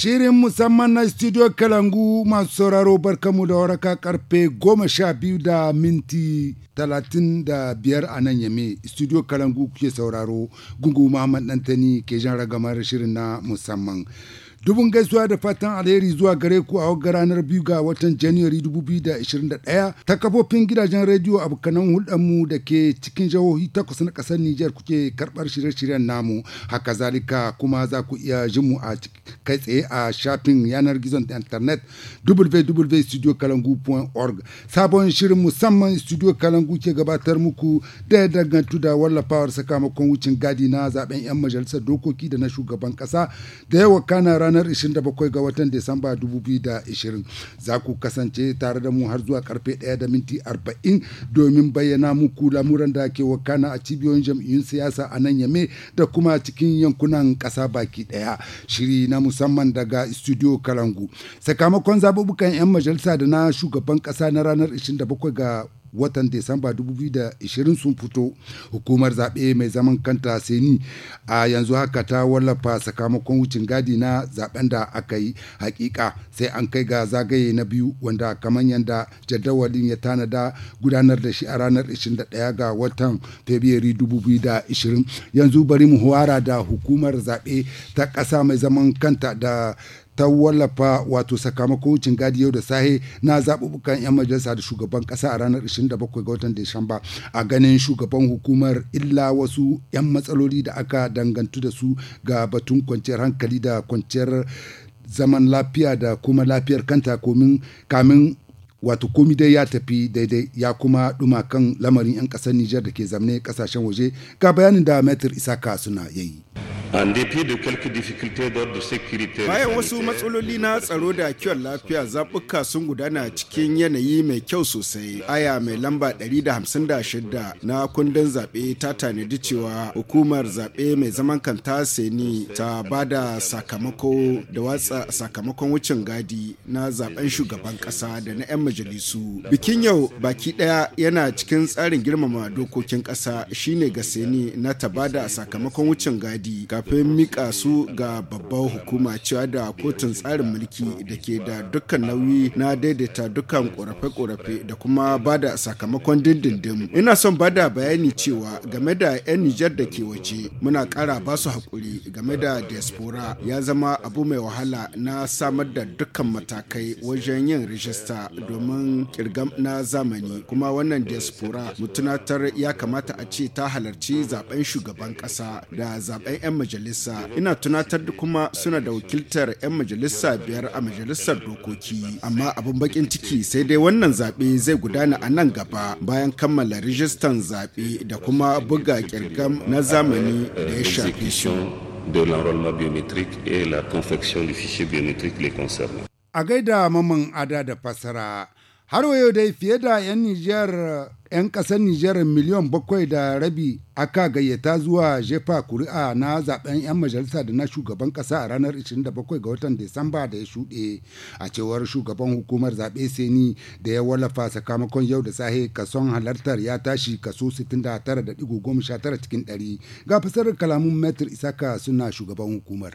Shirin musamman na studio Kalangu masu sauraro barkamu da waraka karfe goma sha biyu da minti talatin da biyar a nan yame studio Kalangu kuke sauraro gungu Muhammad Dantani ke jan ragamar shirin na musamman. Dubun gaisuwa da fatan alheri zuwa gare ku a wagga ranar biyu ga watan Janairu 2021 ta kafofin gidajen rediyo abokanan hulɗarmu da ke cikin jihohi takwas na ƙasar Nijar kuke karɓar shirye-shiryen namu. Haka zalika kuma za ku iya jin mu a kai tsaye a shafin yanar gizon internet www.studiokalangu.org. Sabon shirin musamman Studio Kalangu ke gabatar muku da ya dangantu da wallafawar sakamakon wucin gadi na zaben 'yan majalisar dokoki da na shugaban ƙasa da yawa kana ranar 27 ga watan Disamba 2020. Za ku kasance tare da mu har zuwa karfe 1 da minti 40 domin bayyana muku lamuran da ke wakana a cibiyoyin jam'iyyun siyasa a nan yame da kuma cikin yankunan kasa baki ɗaya. Shiri na musamman daga Studio Kalangu. Sakamakon zaɓuɓɓukan 'yan majalisa da na shugaban kasa na ranar 27 ga watan Desamba 2020 sun fito hukumar zaɓe mai zaman kanta seni a yanzu haka ta wallafa sakamakon wucin gadi na zaɓen da aka yi hakika sai an kai ga zagaye na biyu wanda kamar yadda jadawalin ya tanada gudanar da shi a ranar 21 ga watan Fabrairu 2020 yanzu bari mu hawara da hukumar zaɓe ta ƙasa mai zaman kanta da ta wallafa wato sakamakon wucin gadi yau da sahe na zaɓuɓɓukan 'yan majalisa da shugaban ƙasa a ranar 27 ga watan Disamba a ganin shugaban hukumar illa wasu 'yan matsaloli da aka dangantu da su ga batun kwanciyar hankali da kwanciyar zaman lafiya da kuma lafiyar kanta kamin wato komi dai ya tafi daidai ya kuma ɗuma kan lamarin 'yan ƙasar Nijar da ke zamne ƙasashen waje ga bayanin da Metir Isaka suna yayi. Bayan wasu matsaloli na tsaro da kiwon lafiya zaɓuka sun gudana cikin yanayi mai kyau sosai. Aya mai lamba 156 na kundin zaɓe ta tanadi cewa hukumar zaɓe mai zaman kanta seni ta ba da sakamako da watsa sakamakon wucin gadi na zaɓen shugaban ƙasa da na 'yan majalisu bikin yau baki daya yana cikin tsarin girmama dokokin kasa shine ga Seni na tabada sakamakon wucin gadi kafin mika su ga babbar hukuma cewa da kotun tsarin mulki da ke da dukkan nauyi na daidaita dukkan korafe-korafe da kuma bada sakamakon dindindin ina son bada bayani cewa game da 'yan nijar da ke waje muna kara basu hakuri game da diaspora ya zama abu mai wahala na samar da dukkan matakai wajen yin rijista domin domin kirgam na zamani kuma wannan diaspora mutunatar tunatar ya kamata a ce ta halarci zaben shugaban kasa da zaben 'yan majalisa ina tunatar da kuma suna da wakiltar 'yan majalisa biyar a majalisar dokoki amma abin bakin ciki sai dai wannan zaɓe zai gudana a nan gaba bayan kammala rijistan zaɓe da kuma buga kirgam na zamani da ya shafi su. de l'enrôlement biométrique et la confection du fichier biométrique les concernant. A gaida maman ada da fasara, har wayo dai fiye da 'yan Nijar 'yan ƙasar Nijar miliyan bakwai da rabi aka gayyata zuwa jefa kuri'a na zaben 'yan majalisa da na shugaban kasa a ranar 27 ga watan Disamba da ya shuɗe a cewar shugaban hukumar zaɓe Seni da ya wallafa sakamakon yau da sahe kason halartar ya tashi kaso 69.19 cikin 100 ga fasarar kalamun Metr Isaka suna shugaban hukumar.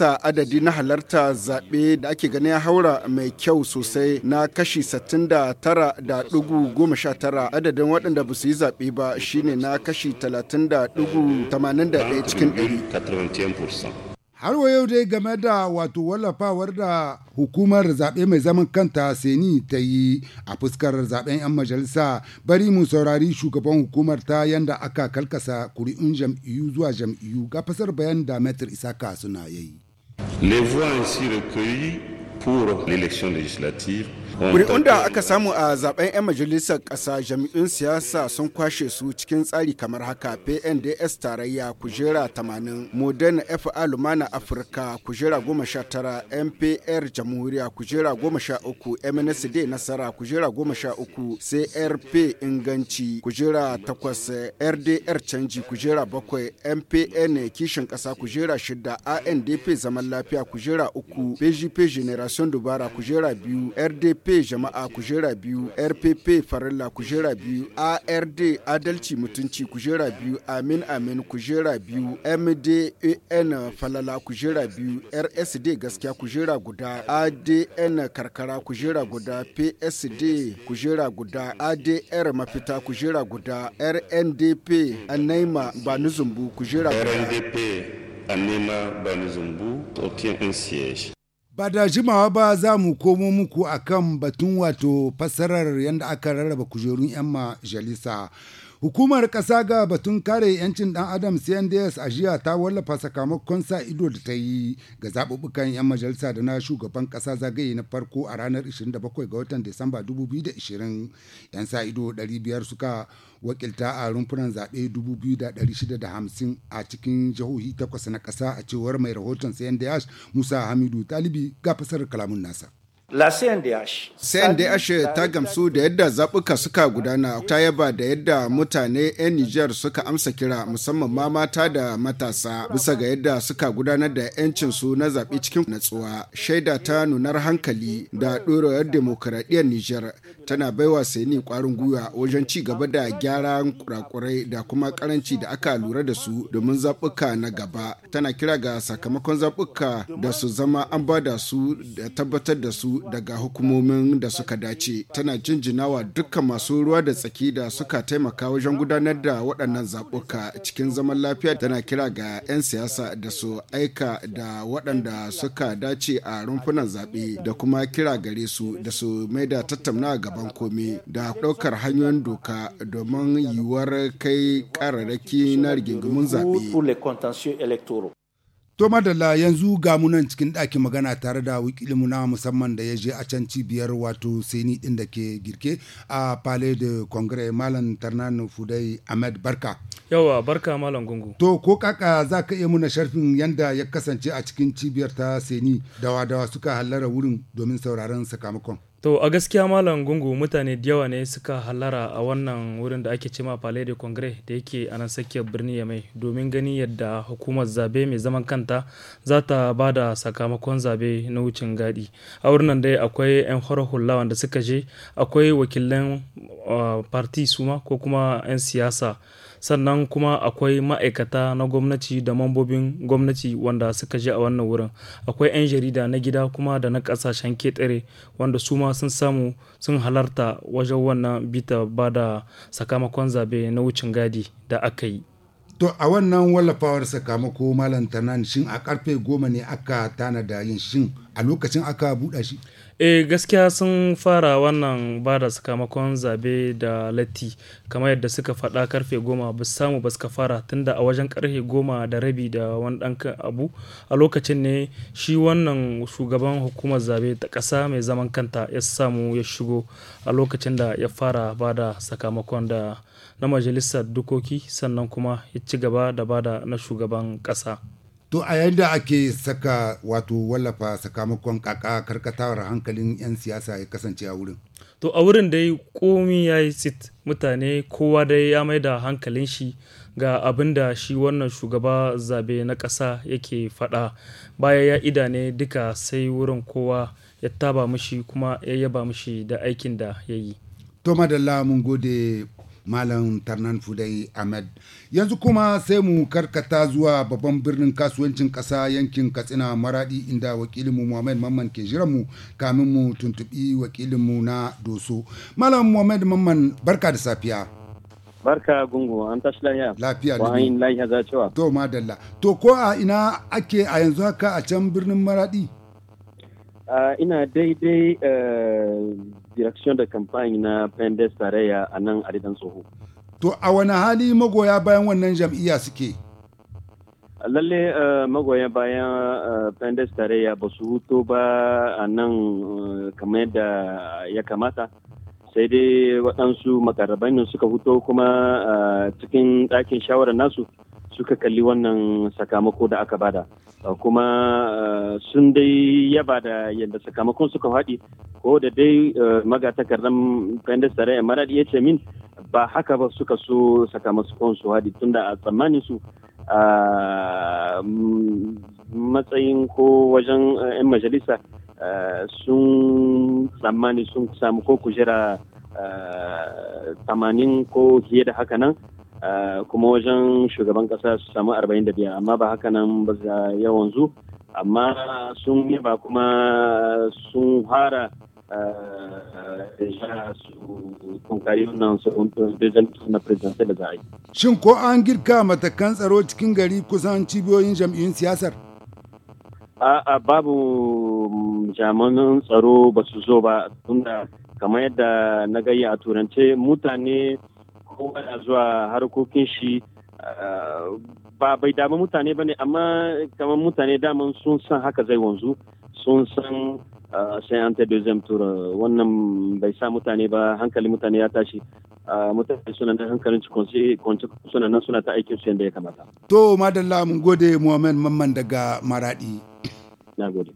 sa adadi na halarta zaɓe da ake gani ya haura mai kyau sosai na kashi 69.19 adadin waɗanda ba su yi zaɓe ba shine na kashi 30.81 cikin 100. har wa yau dai game da wato wallafawar da hukumar zaɓe mai zaman kanta seni ta yi a fuskar zaɓen 'yan majalisa bari mu saurari shugaban hukumar ta yanda aka kalkasa kuri'un jam'iyyu zuwa jam'iyyu ga fasar bayan da metir isaka suna yayi. Les voix ainsi recueillies pour l'élection législative Kuri'un da aka samu a zaben 'yan majalisar kasa jami'in siyasa sun kwashe su cikin tsari kamar haka PNDS tarayya kujera 80, Modern FA Lumana Afirka kujera 19, MPR Jamhuriya kujera 13, MNSD Nasara kujera 13, CRP Inganci kujera 8, RDR Canji kujera 7, MPN Kishin kasa kujera 6, ANDP Zaman Lafiya kujera 3, PGP Generation Dubara kujera 2, RDP rpp jama'a kujera biyu rpp farilla kujera biyu ard adalci mutunci kujera biyu amin amin kujera biyu mdan falala kujera biyu rsd gaskiya kujera guda adn karkara kujera guda psd kujera guda adr mafita kujera guda rndp anaima banuzumbu kujera guda rndp anaima Anema Banuzumbu obtient un siège. ba da jimawa ba za mu komo muku akan batun wato fassarar yadda aka rarraba kujerun 'yan majalisa Hukumar ƙasa ga batun kare 'yancin ɗan Adam CNDS a jiya ta wallafa sakamakon sa ido da ta yi ga zaɓuɓɓukan 'yan majalisa da na shugaban ƙasa zagaye na farko a ranar 27 ga watan Disamba 2020. 'Yan sa ido 500 suka wakilta a rumfunan zaɓe 2,650 a cikin jihohi takwas na ƙasa a cewar mai rahoton cnds Musa Hamidu Talibi ga fasar kalamun nasa. CNDH ta gamsu da yadda zaɓuka suka gudana ta yaba da yadda mutane 'yan Nijar suka amsa kira musamman ma mata da matasa bisa ga yadda suka gudanar da 'yancinsu na zaɓe cikin natsuwa shaida ta nunar hankali da ɗorewar dimokuraɗiyyar Nijar tana baiwa sayani kwarin gwiwa wajen ci gaba da gyaran kurakurai da kuma karanci da aka lura da su domin zaɓuka na gaba tana kira ga sakamakon zaɓuka da su zama an ba da su da tabbatar da su daga hukumomin da suka dace tana jinjinawa dukkan masu ruwa da tsaki da suka taimaka wajen gudanar da waɗannan zaɓuka cikin zaman lafiya tana kira ga 'yan siyasa da su aika da waɗanda suka dace a rumfunan zaɓe da kuma kira gare su da su mai da tattaunawa gaba bankome da ɗaukar hanyoyin doka domin yiwuwar kai ƙararraki na rigingimun zaɓe. To madalla yanzu ga munan cikin ɗakin magana tare da wikilinmu na musamman da ya je a can cibiyar wato seni ɗin da ke girke a Palais de Congrès Malam Tarnanu Fudai Ahmed Barka. Yawa barka Malam Gungu. To ko kaka za ka iya muna sharfin yanda ya kasance a cikin cibiyar ta seni dawa-dawa suka hallara wurin domin sauraron sakamakon. To a gaskiya Malam Gungu mutane da yawa ne suka halara a wannan wurin da ake cema Palais de Congrès da yake a nan tsakiyar birnin mai domin ganin yadda hukumar zabe mai zaman kanta za ta ba da sakamakon zabe na wucin gadi. A wurin nan dai akwai 'yan horar hula wanda suka je akwai wakilan ah, parti suma ko kuma 'yan siyasa. sannan kuma akwai ma'aikata na gwamnati da mambobin gwamnati wanda suka je a wannan wurin akwai 'yan jarida na gida kuma da na kasashen ketare wanda su ma sun samu sun halarta wajen wannan bita ba da sakamakon zabe na wucin gadi da aka yi to a wannan wallafawar sakamako malam tanan shin a karfe goma ne aka tanada yin shin a lokacin aka buɗa shi e gaskiya sun fara wannan ba da sakamakon zabe da latti kamar yadda suka faɗa karfe goma ba su samu ba suka fara tunda a wajen karfe goma da rabi da wani ɗan abu a lokacin ne shi wannan shugaban hukumar zabe ta ƙasa mai zaman kanta ya samu ya shigo a lokacin da ya fara ba da sakamakon da na majalisar dukoki sannan kuma ya ci gaba da ba da na shugaban ƙasa. To a yadda ake saka wato wallafa sakamakon kaka karkatawar hankalin 'yan siyasa ya kasance a wurin. To a wurin dai komi ya yi sit mutane kowa dai ya mai da hankalin shi ga abin da shi wannan shugaba zabe na ƙasa yake faɗa baya ya ne duka sai wurin kowa ya taba mushi kuma ya yaba mushi da aikin da ya yi. To madalla mun gode Malam Tarnan Fudai Ahmed. Yanzu kuma sai mu karkata zuwa babban birnin kasuwancin ƙasa yankin Katsina Maradi inda wakilinmu Muhammad Mamman ke jiranmu kamin mu tuntubi wakilinmu na Doso. Malam Muhammad Mamman barka da safiya. Barka gungu an tashi lafiya. Lafiya da ni lafiya za cewa. To madalla. To ko a ina ake a yanzu haka a can birnin Maradi? ina daidai eh, direction da campagne na pendes tarayya a nan aridan tsoho to a wani hali magoya bayan wannan jam'iyya suke lalle eh, magoya bayan eh, pendes tarayya ba su huto ba a nan eh, kamar yadda ya kamata sai dai waɗansu makarabanin suka huto kuma cikin ɗakin shawarar nasu suka kalli wannan sakamako da aka bada kuma eh, sun dai yaba da yadda sakamakon suka faɗi ko da dai eh, magatakardan pendis tare maradi ya ce min ba haka ba suka so sakamakon su haɗi tunda a tsammanin su a ah, matsayin ko wajen 'yan eh, majalisa sun tsammani sun samu ko kujera tamanin ko fiye da haka nan Eh, kuma wajen shugaban kasa su samu 45 amma ba haka nan ba za yawan zu amma sun yi ba kuma sun fara eh, eh, Shin ko an girka matakan tsaro cikin gari kusan cibiyoyin jam'iyyun siyasar? A'a babu jamanin tsaro ba su zo ba tunda kamar yadda na gayya a turance mutane kowa na zuwa harkokin shi ba bai damu mutane ba ne amma kamar mutane daman sun san haka zai wanzu sun san sai an ta deuxième tour wannan bai sa mutane ba hankali mutane ya tashi mutane suna nan hankalin suna nan suna ta aikin su yadda ya kamata. To madalla mun gode Muhammad Mamman daga Maradi. Na gode.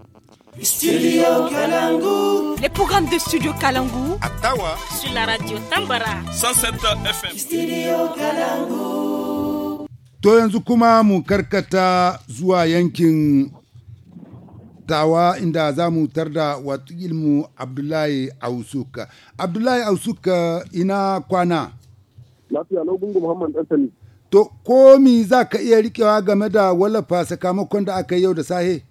Studio Kalangu. Les programmes de Studio Kalangu. À Tawa. Sur la radio Tambara. 107 FM. Studio Kalangu. To yanzu kuma mu karkata zuwa yankin Tawa inda za mu tar da wata ilmu Abdullahi Ausuka. Abdullahi Ausuka ina kwana. Lafiya lau gungu Muhammad Ɗantani. To, ko mi za ka iya riƙewa game da wallafa sakamakon da aka yi yau da sahe?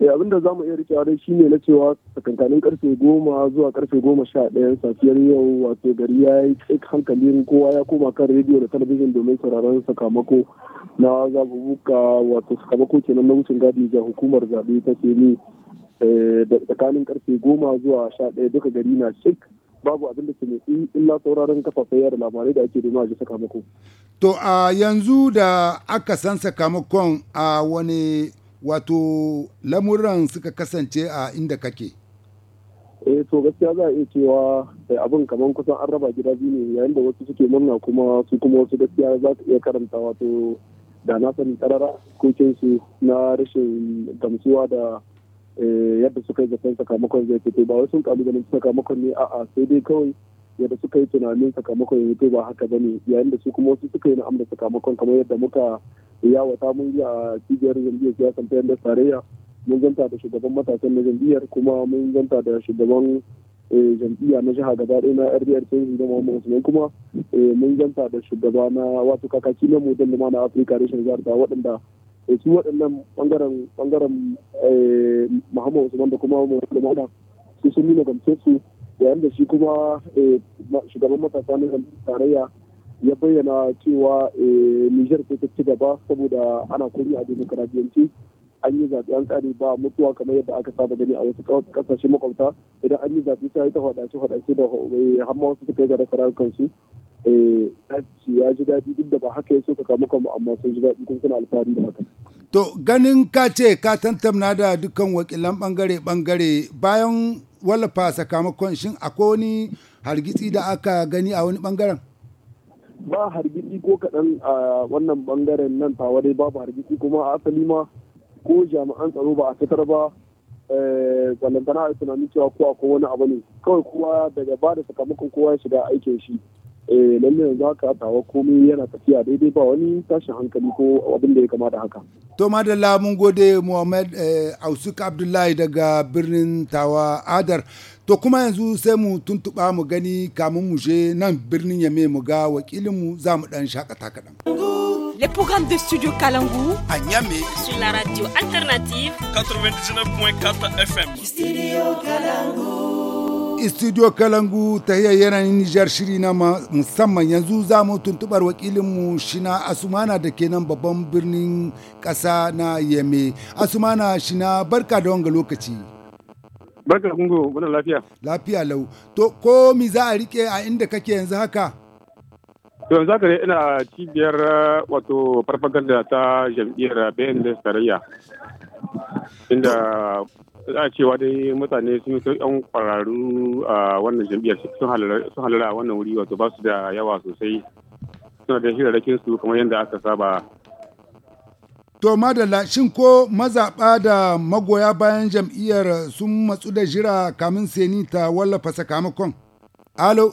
eh abin da za mu iya rikewa dai shine na cewa tsakankanin karfe goma zuwa karfe goma sha ɗaya safiyar yau wato gari ya yi tsik hankalin kowa ya koma kan rediyo da talabijin domin sauraron sakamako na zabubuka wato sakamako kenan na wucin gadi ga hukumar zaɓe ta ne eh, da tsakanin karfe goma zuwa sha ɗaya duka gari na tsik babu abin da ke motsi illa sauraron kafafen yada labarai da ake domin a ji sakamako. To a yanzu da aka san sakamakon a wani wato lamuran suka kasance a inda kake? eh to gaskiya za a iya cewa eh, abin kamar kusan an raba gida biyu ne yayin da wasu suke murna kuma su kuma wasu gaskiya za su iya karanta wato da na sani karara su na rashin gamsuwa da eh, yadda suka yi zaton sakamakon zai fito ba wasu kalubalen sakamakon ne a'a sai dai kawai yadda suka yi tunanin sakamakon ya fito ba haka bane yayin da su kuma wasu suka yi na da sakamakon kamar yadda muka yawata mun yi a cibiyar jam'iyyar siyasan ta yadda tarayya mun zanta da shugaban matasan na jam'iyyar kuma mun zanta da shugaban eh, jam'iyya na jiha gaba ɗaya na rdr sun da muhammad usman kuma eh, mun zanta da shugaba na wato kakaki na mu lima na afirka reshen jihar ta waɗanda eh, su waɗannan ɓangaren ɓangaren muhammad usman da kuma model lima su sun nuna gamsarsu yayin da shi kuma shugaban matasa na tarayya ya bayyana cewa eh, Nijar ta ci gaba saboda ana kuri a demokaradiyanci an yi zaɓe an tsari ba mutuwa kamar yadda aka saba gani a wasu ƙasashe makwabta idan an yi zaɓe yi ta faɗace faɗace da hamma wasu suka yi ga rasa kansu eh, ya ji daɗi duk da ba haka ya so ka kamu kama amma sun ji daɗi kun suna alfahari da haka. To ganin ka ce ka tantamna da dukkan wakilan bangare-bangare bayan wallafa sakamakon shin akwai wani hargitsi da aka gani a wani bangaren? ba hargitsi ko kaɗan a wannan bangaren nan tawa dai babu hargitsi kuma a asali ma ko jami'an tsaro ba a fitar ba eh, ballantana a tunani cewa ko a wani abu ne kawai kowa daga ba da sakamakon kowa ya shiga aikin shi eh, lalle yanzu haka tawa komai yana tafiya daidai ba wani tashin hankali ko abin da ya da haka. To madalla mun gode Muhammad eh, Ausuk Abdullahi daga birnin Tawa Adar. To kuma yanzu sai mu tuntuɓa mu gani kamun mu je nan birnin Yame mu ga mu za mu dan shakata kaɗan. les programmes de Studio Kalangu à Niamey sur la radio alternative 99.4 FM. Studio Kalangu. Studio Kalangu ta yanayin Nijar shiri na musamman yanzu za mu tuntubar wakilinmu Shina Asumana da ke nan babban birnin kasa na yame Asumana Shina barka da wanga lokaci. Barka kungo, muna lafiya. Lafiya lau. To, ko mi za a rike a inda kake yanzu haka? To, yanzu haka ina cibiyar eh, wato farfaganda ta jam'iyyar BND tarayya. Inda za a cewa dai mutane sun yi yan kwararru a wannan jam'iyyar sun halara a wannan wuri wato ba su da yawa sosai. Suna da shirarrakin su kamar yadda aka saba To madalla shin ko mazaɓa da magoya bayan jam'iyyar sun matsu da jira kamin seni ta wallafa sakamakon? Alo?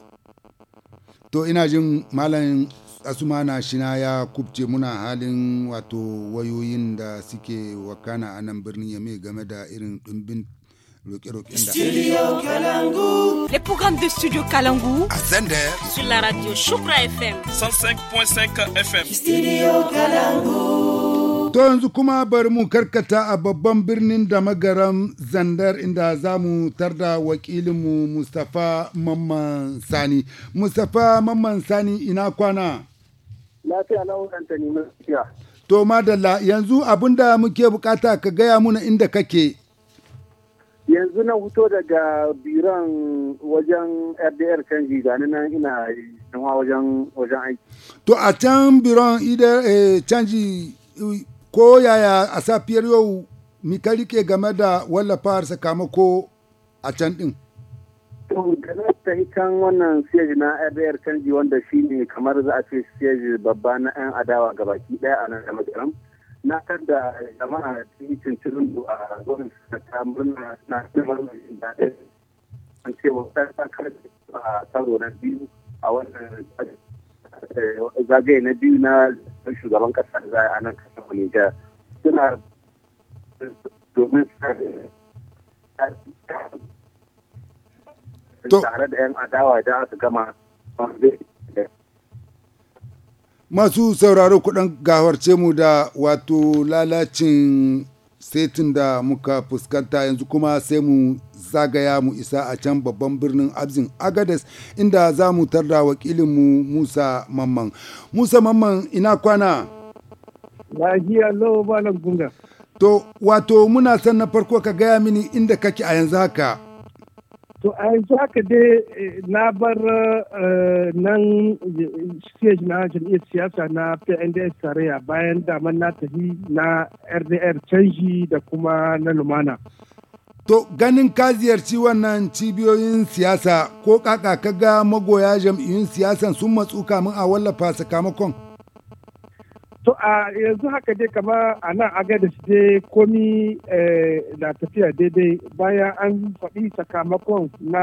To ina jin malam asumana shina ya kubce muna halin wato wayoyin da suke wakana a nan birnin yame game da irin ɗumbin roƙe-roƙen da. Studio Kalangu. Le programme de Studio Kalangu. A Zender. Sur la radio Shukra FM. 105.5 FM. Studio Kalangu. To yanzu kuma bari mu karkata a babban birnin da magaram zandar inda za mu tarda wakilinmu Mustapha Mamman Sani. Mustapha Mamman Sani ina kwana? Lafiya na wuranta ne mafiya. To madalla yanzu abinda muke bukata ka gaya muna inda kake. Yanzu na huto daga biran wajen RDR canji gani nan ina wajen aiki. To a can biran canji ko yaya a safiyar yau mika rike game da wallafa sakamako a can din to da na yi kan wannan siyaji na rbr canji wanda shi ne kamar za a ce siyaji babba na yan adawa ga baki daya a nan da magaram na kan da jama'a cikin cincirin a zonin da ta murna na neman daɗin an ce wa ta a karo na biyu a wannan Eh, zagaye na biyu na shugaban kasa da za a nan kasar Nijar suna domin tare da 'yan adawa da su gama masu sauraro kudin gawarce mu da wato lalacin sai tun da muka fuskanta yanzu kuma sai mu zagaya mu isa a can babban birnin abzin agades inda za mu tarda wakilinmu musa mamman musa mamman ina kwana lafiya lau malam gunga to wato muna son na farko ka gaya mini inda kake a yanzu haka to a yanzu haka dai eh, na bar eh, nan stage na jam'iyyar siyasa na pnds tarayya bayan daman na tafi na rdr canji da kuma na lumana to ganin ka ziyarci wannan cibiyoyin siyasa ko kaka ka ga magoya jam'iyyun siyasan sun matsu kamun a wallafa sakamakon To a yanzu haka dai kama a nan agadis dai komi eh, na tafiya daidai bayan an faɗi sakamakon na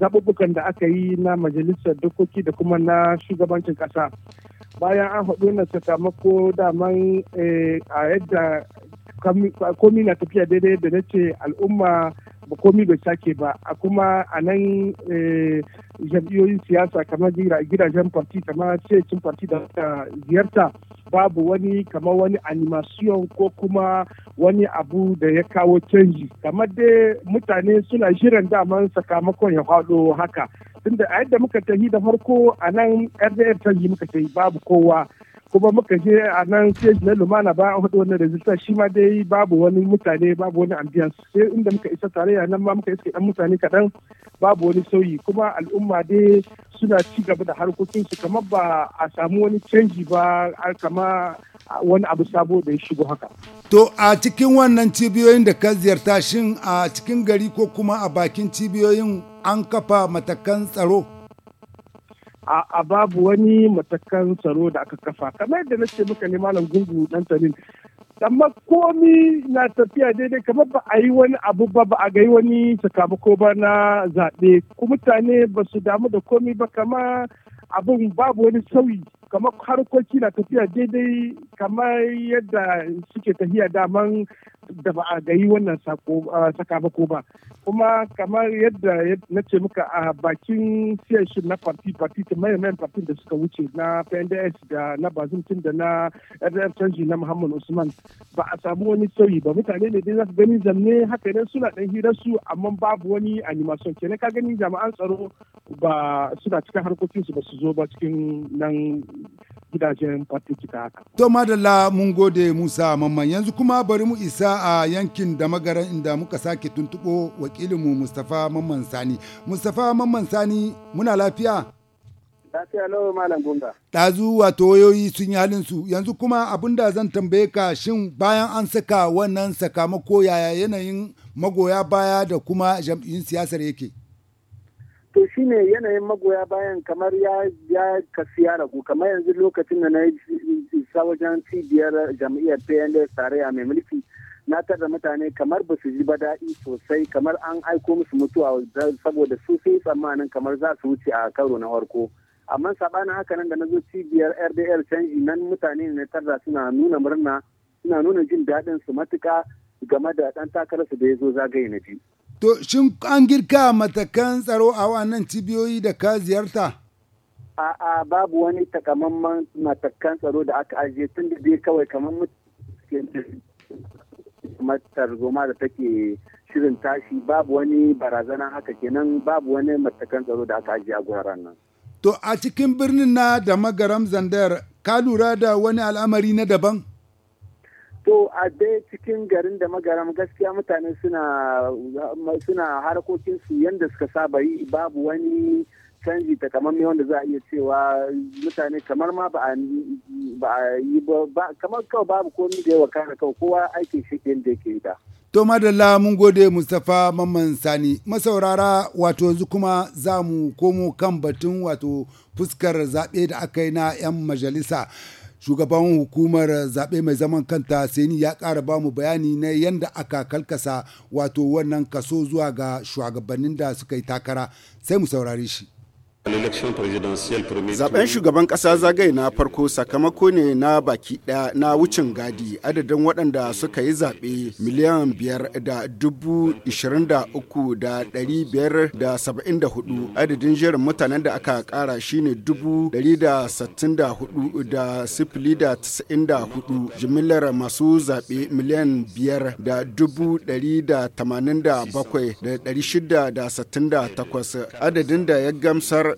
zaɓuɓɓukan da aka yi na majalisar dokoki da kuma na shugabancin ƙasa. Bayan an haɗu na sakamako daman eh, a yadda komi na tafiya daidai da na ce al'umma ba komi bai sake ba a kuma a nan eh, jam'iyoyin siyasa kamar gidajen parti kamar cikin parti da ziyarta babu wani kamar wani animation ko kuma wani abu da ya kawo canji kamar dai mutane suna jiran daman sakamakon ya faɗo haka tunda a yadda muka yi da farko a nan rdr canji muka tafi babu kowa kuma muka je a nan stage na lumana ba a hudu wannan rajista shi ma dai babu wani mutane babu wani ambiyan sai inda muka isa tarayya nan ma muka iske dan mutane kaɗan babu wani sauyi kuma al'umma dai suna ci gaba da harkokinsu kamar ba a samu wani canji ba kama wani abu sabo da ya shigo haka. To a cikin wannan cibiyoyin da ka ziyarta shin a cikin gari ko kuma a bakin cibiyoyin an kafa matakan tsaro? a babu wani matakan tsaro da aka kafa kamar yadda na ce muka ne malam gungu dan tarin amma komi na tafiya daidai kamar ba a yi wani abu ba ba a yi wani sakamako ba na zaɓe ku mutane ba su damu da komi ba kama abin babu wani sauyi kamar harkoki na tafiya daidai kamar yadda suke tafiya daman da ba a gayi wannan sakamako ba kuma kamar yadda na ce muka a bakin siyashin na parti parti ta mayan parti da suka wuce na pnds da na tun da na rdf canji na muhammad usman ba a samu wani sauyi ba mutane ne dai za su gani zanne haka ne suna dan hirar su amma babu wani animation kenan ka gani jami'an tsaro ba suna cikin harkokinsu ba su zo ba cikin nan gidajen fatikita haka. To madalla mun gode Musa Mamman yanzu kuma bari mu isa a yankin da magaran inda muka sake tuntubo wakilinmu mustafa Mamman Sani. mustafa Mamman Sani muna lafiya? Lafiya lawa Malam Gunga. Ɗazu wato wayoyi sun yi halin su yanzu kuma abin da zan tambaye ka shin bayan an saka wannan sakamako yaya yanayin magoya baya da kuma jam'iyyun siyasar yake? to shine yanayin magoya bayan kamar ya ya ya ragu kamar yanzu lokacin da na yi isa wajen cibiyar jam'iyyar pnds tarayya mai mulki na tarda mutane kamar ba su ji ba daɗi sosai kamar an aiko musu mutuwa saboda su sai tsammanin kamar za su wuce a karo na farko amma sabanin haka nan da na zo cibiyar rdl canji nan mutane ne tarda suna nuna murna suna nuna jin daɗin su matuka game da ɗan takararsu da ya zo zagaye na biyu To shin an girka matakan tsaro a wannan cibiyoyi da ka ziyarta? A'a babu wani takamaiman matakan tsaro da aka ajiye tun da dai kawai kamar mutane matar zoma da take shirin tashi babu wani barazana haka kenan babu wani matakan tsaro da aka ajiye a guraren nan. To a cikin birnin na da magaram zandar ka lura da wani al'amari na daban? to a dai cikin garin da magaram gaskiya mutane suna suna harkokinsu yadda suka saba yi babu wani canji mai wanda za a iya cewa mutane kamar ma ba a yi ba kamar kawai babu komi da yawa kare kawai kowa aikin shi da yake da. To madalla mun gode Mustapha Mamman Sani masaurara wato yanzu kuma za mu komo kan batun wato fuskar zaɓe da aka yi na 'yan majalisa. shugaban hukumar zaɓe mai zaman kanta seni ya ƙara ba mu bayani na yadda aka kalkasa wato wannan kaso zuwa ga shugabannin da suka yi takara sai mu saurare shi Zaben shugaban kasa zagaye na farko sakamako ne na baki ɗaya na wucin gadi adadin waɗanda suka yi zaɓe miliyan biyar da dubu ishirin da uku da ɗari biyar da saba'in da hudu adadin jerin mutanen da aka ƙara shine dubu ɗari da sittin da hudu da sifili da tasa'in da hudu jimillar masu zaɓe miliyan biyar da dubu ɗari da tamanin da bakwai da ɗari shida da sittin da takwas adadin da ya gamsar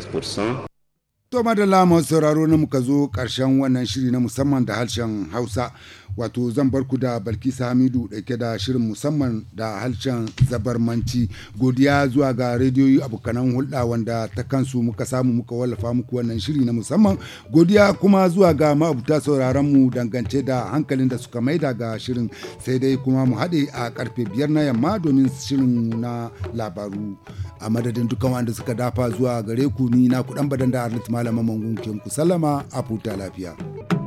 300%. To madalla masu sauraro na muka zo ƙarshen wannan shiri na musamman da harshen Hausa wato zan bar ku da Balkisa Hamidu ɗauke da shirin musamman da harshen zabarmanci godiya zuwa ga rediyoyi abokanan hulɗa wanda ta kansu muka samu muka wallafa muku wannan shiri na musamman godiya kuma zuwa ga ma'abuta sauraron mu dangance da hankalin da suka maida ga shirin sai dai kuma mu haɗe a karfe biyar na yamma domin shirin na labaru a madadin dukkan wanda suka dafa zuwa gare ku ni na kuɗan badan da malaman mangun ke muku sallama a futa lafiya.